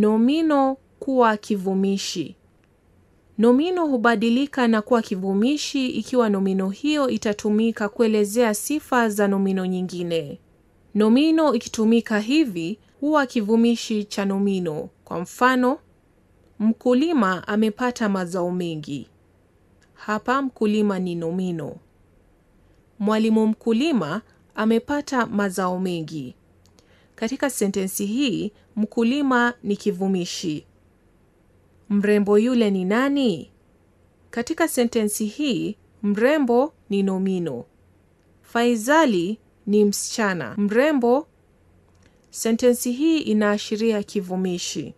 nomino kuwa kivumishi. Nomino hubadilika na kuwa kivumishi ikiwa nomino hiyo itatumika kuelezea sifa za nomino nyingine. Nomino ikitumika hivi huwa kivumishi cha nomino. Kwa mfano, mkulima amepata mazao mengi. Hapa mkulima ni nomino. Mwalimu mkulima amepata mazao mengi. Katika sentensi hii mkulima ni kivumishi. Mrembo yule ni nani? Katika sentensi hii mrembo ni nomino. Faizali ni msichana mrembo. Sentensi hii inaashiria kivumishi.